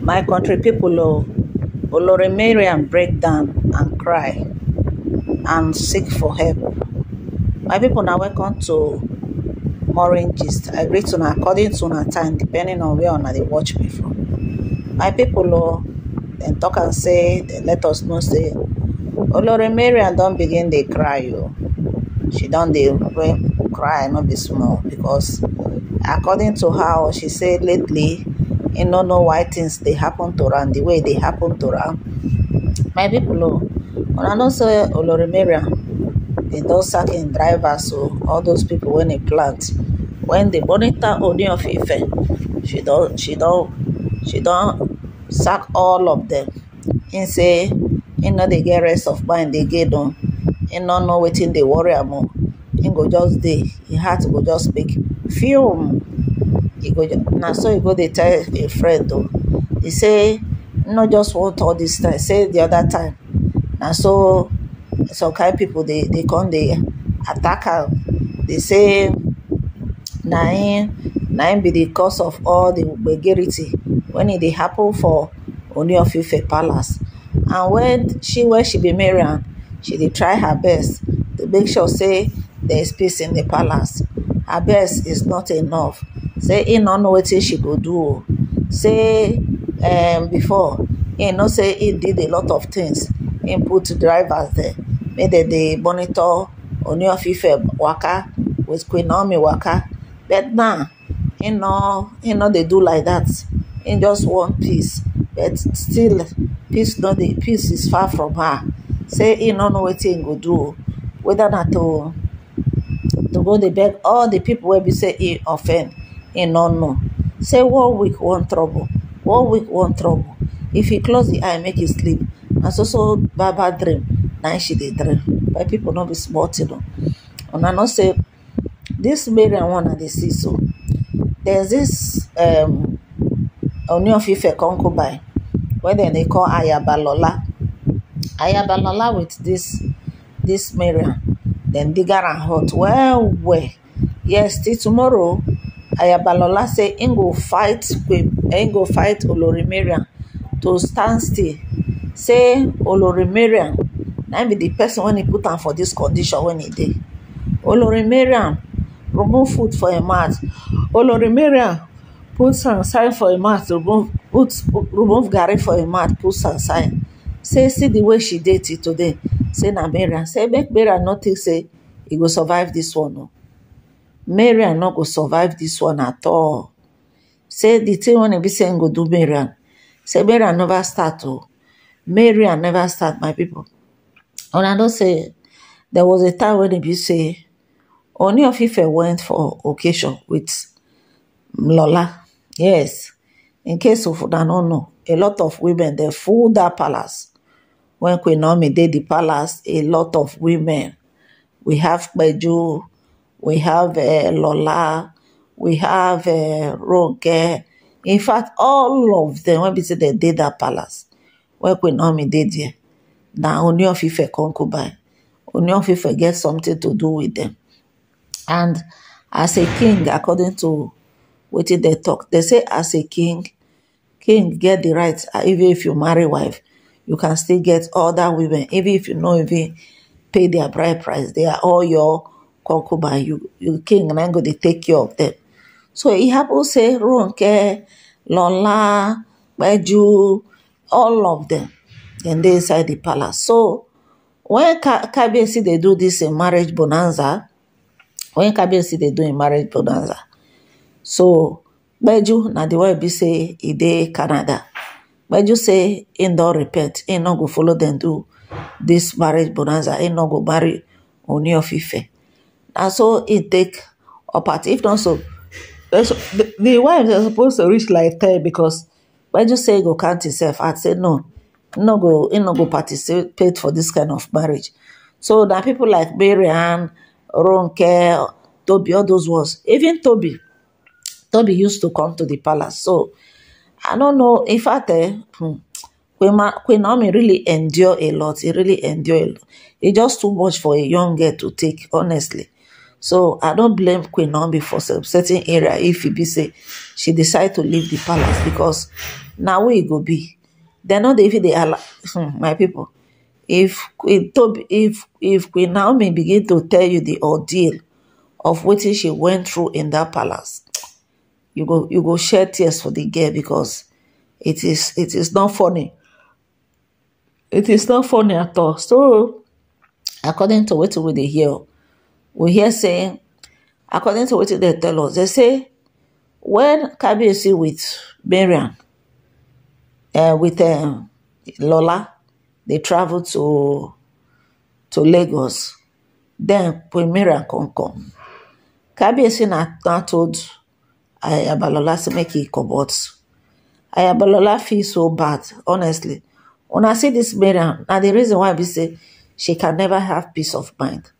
my country people oh, o olori mariam break down and cry and seek for help my people now welcome to morning gist i greet una according to una time depending on where una dey watch me from my people oh, then talk and say dem let us know say oh, olori mariam don't begin dey cry o she don't dey cry not be small because according to her she said lately and not know why things they happen to run the way they happen to run. my people oh, when I know say olori mariam dem don sack in drivers So oh, all those people when they plant when di bonita only of ife she don't, she don't, she don't sack all of them, and say im no they get rest of mind get o and no know wetin they worry am o go just day, he had to go just speak. fume e go na so e go dey tell a friend o e say no just want all this time say the other time na so some kain pipo dey come dey attack am dey say na im be the cause of all the gbegerity When e dey happen for oni of ife palace and when she wen she be marry she dey try her best to make sure say there is peace in the palace her best is not enough say he no know wetin she go do o say um, before he know say he did a lot of things e put drivers there make dem dey monitor Ooni of Ife waka with Queen Naomi waka but now he no he no dey do like that He just want peace but still peace no dey peace is far from her say he no know wetin e go do o whether na to to go dey beg all the people wey be say he offend e no know say one week one trouble one week one trouble if you close the eye make you sleep na so so bad bad dream na she dey dream My people no be small thing o oh. una know say this Mariam one i dey see so there's this um, Ooni of Ife concubine wey dem dey call Ayabalola Ayabalola with this this Mariam dem dig her and hot well well yes till tomorrow ayabalola say im go fight go fight olorimiran to stand still say olorimiran na im be the person when he put on for this condition wen e dey olorimiran remove food for im mouth olorimiran put some sign for him mouth remove remove garri for him mouth put some sign say see the way she dated today say na say make marian not think say he will survive one, one o marian not go survive this one at all say di tin wey e be say go do marian say marian never start to. Oh. marian never start my people. and i don't say there was a time when e be say only of I went for occasion with lola yes in case of una no know a lot of women they full that palace When queen naomi did the palace a lot of women we have byju we have uh, Lola, we have uh, Roge. In fact, all of them, when we say they did that palace, where Queen Naomi did there, now Onion Fife concubine. Onion Fife get something to do with them. And as a king, according to what they talk, they say as a king, king get the right, uh, even if you marry wife, you can still get other women, even if you know even pay their bride price. They are all your concubine you you king na go dey take care of them. so he e happen say ronke lola peju all of them, and they inside the palace so when KBC they do this im marriage bonanza when KBC they do im marriage bonanza so peju na the one be say e dey canada peju say im don repent he no go follow them do this marriage bonanza He no go marry oni of ife And so it take a part. If not so, the, the wives are supposed to reach like 10 because when you say go count yourself, I'd say no, no go, you no go participate for this kind of marriage. So are people like Mary Ann, Ronke, Toby, all those ones, even Toby, Toby used to come to the palace. So I don't know. In fact, eh, hmm, Queen Naomi really endure a lot. He really endure a lot. It's just too much for a young girl to take, honestly. So I don't blame Queen Nambi for certain area if it be say she decide to leave the palace because now where it go be. They not if they allow hmm, my people. If Queen Toby, if if Queen Naomi begin to tell you the ordeal of what she went through in that palace, you go you go shed tears for the girl because it is it is not funny. It is not funny at all. So according to what we hear we hear saying, according to what they tell us, they say, when Kabiyesi with Miriam, uh, eh, with uh, eh, Lola, they travel to to Lagos, then when Miriam can come. Kabiyesi not told Ayabalola eh, to make it come out. Ayabalola feel so bad, honestly. When I see this Miriam, now the reason why we say she can never have peace of mind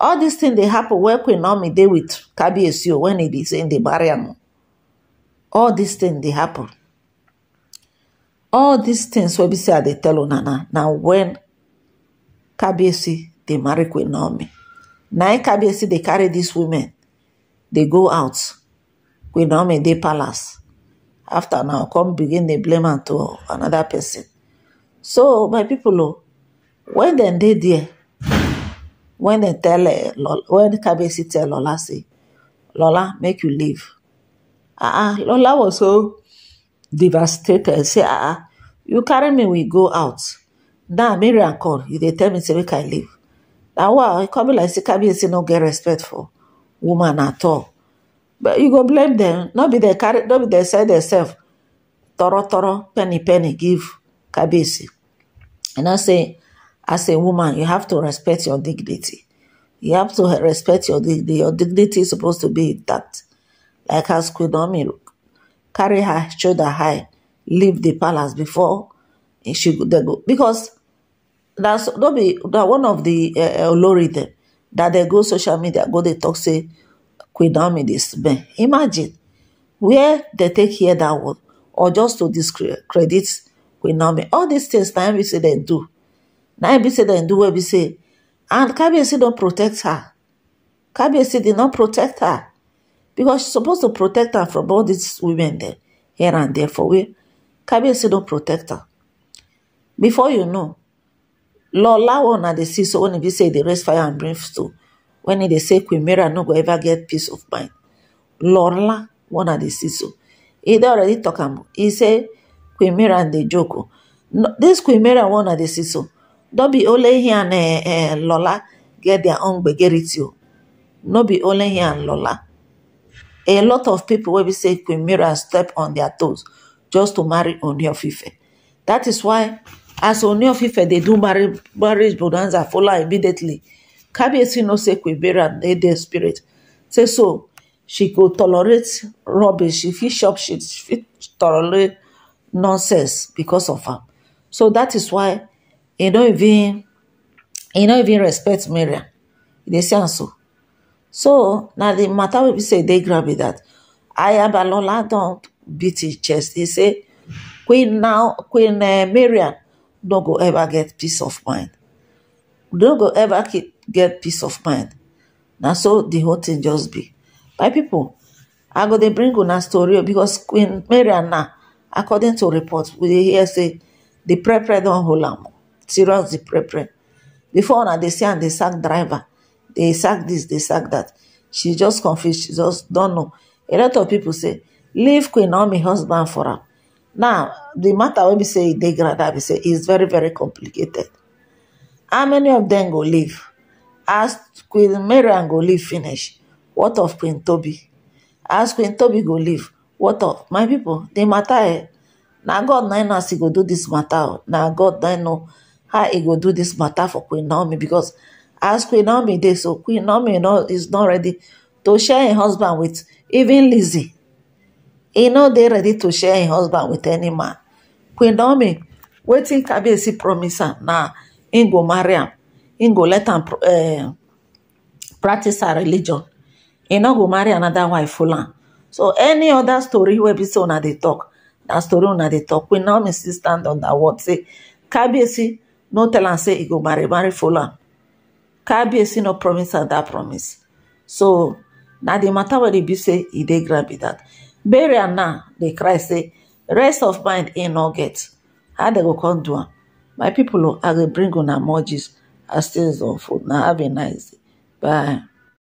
all these things they happen where queen naomi They with kabie when it is in the im all these things they happen all these things we be say they tell una na Now when kabie they marry queen naomi Now im kabie they carry these women They go out queen naomi they palace after now come begin they blame her to another person so my people, oh, when they dem there when they tell her, eh, when kabesi tell lola say lola make you leave ah, ah lola was so devastated say ah ah you carry me we go out now Miriam call you they tell me say make i leave Now wow e come like say kabesi no get respect for woman at all but you go blame them. Not be they carry Not be they say themselves. toro toro penny penny give kabesi and i say as a woman, you have to respect your dignity. You have to respect your dignity. Your dignity is supposed to be that. Like as Queen Naomi, carry her shoulder high, leave the palace before she could go. Because that's not be that one of the uh, eh, them eh, that they go social media go they talk say Queen Naomi this man. Imagine where they take here that word or just to discredit Queen Naomi. All these things time we say they do. Now be say dem do what be say and don't protect her kabiyesi did not protect her because she's supposed to protect her from all these women there, here and there for where don't protect her before you know lola won at the see so when e say e raise fire and brimstone when they say queen mary no go ever get peace of mind lola won at the see so e already talk am He say queen and dey joke oh. No, this queen mary won at the see so no be only here and eh, eh, Lola get their own gbegerity o no be only here and Lola a lot of people will be say Queen Mira step on their toes just to marry on your fifa. that is why as Ooni of they do marry marriage bonanza follow immediately Kabiyesi know say Queen Mira dey dey spirit say so she could tolerate rubbish If he shop, she she tolerate nonsense because of her. so that is why don't even don't even respect mariam They say so so now the matter wey be say they grab that. I a Lola. Don't beat his chest He say queen now queen don't eh, go ever get peace of mind Don't go ever get peace of mind Now so the whole thing just be my people. i go they bring a story oh, because queen mariam now, according to report we hear say prayer don't hold am serious the pre Before now they say and they sack driver, they sack this, they sack that. She just confused, she just don't know. A lot of people say, leave Queen Naomi husband for her. Now, the matter when we say they we say is very, very complicated. How many of them go leave? Ask Queen Mary and go leave finish, what of Queen Toby? Ask Queen Toby go leave, what of my people? The matter eh? Now God na know as he go do this matter. Oh. Now God na know how he go do this matter for queen naomi Because as queen naomi dey so queen naomi is not ready to share a husband with even lizzie e know, they ready to share a husband with any man queen naomi wetin kabiyesi promise am na go marry him. He go let am eh, practice her religion He not go marry another wife full on. so any other story wey be so una they talk that story una they talk. queen naomi still stand on that word say see, no tell and say e go marry marry Can't be kabiyesi no promise and that promise so na the matter wey dey be say he dey grand be that. burial now dey cry say rest of mind ain't no get how dem go come my people oh, i go bring on more I as on food. na have a nice day bye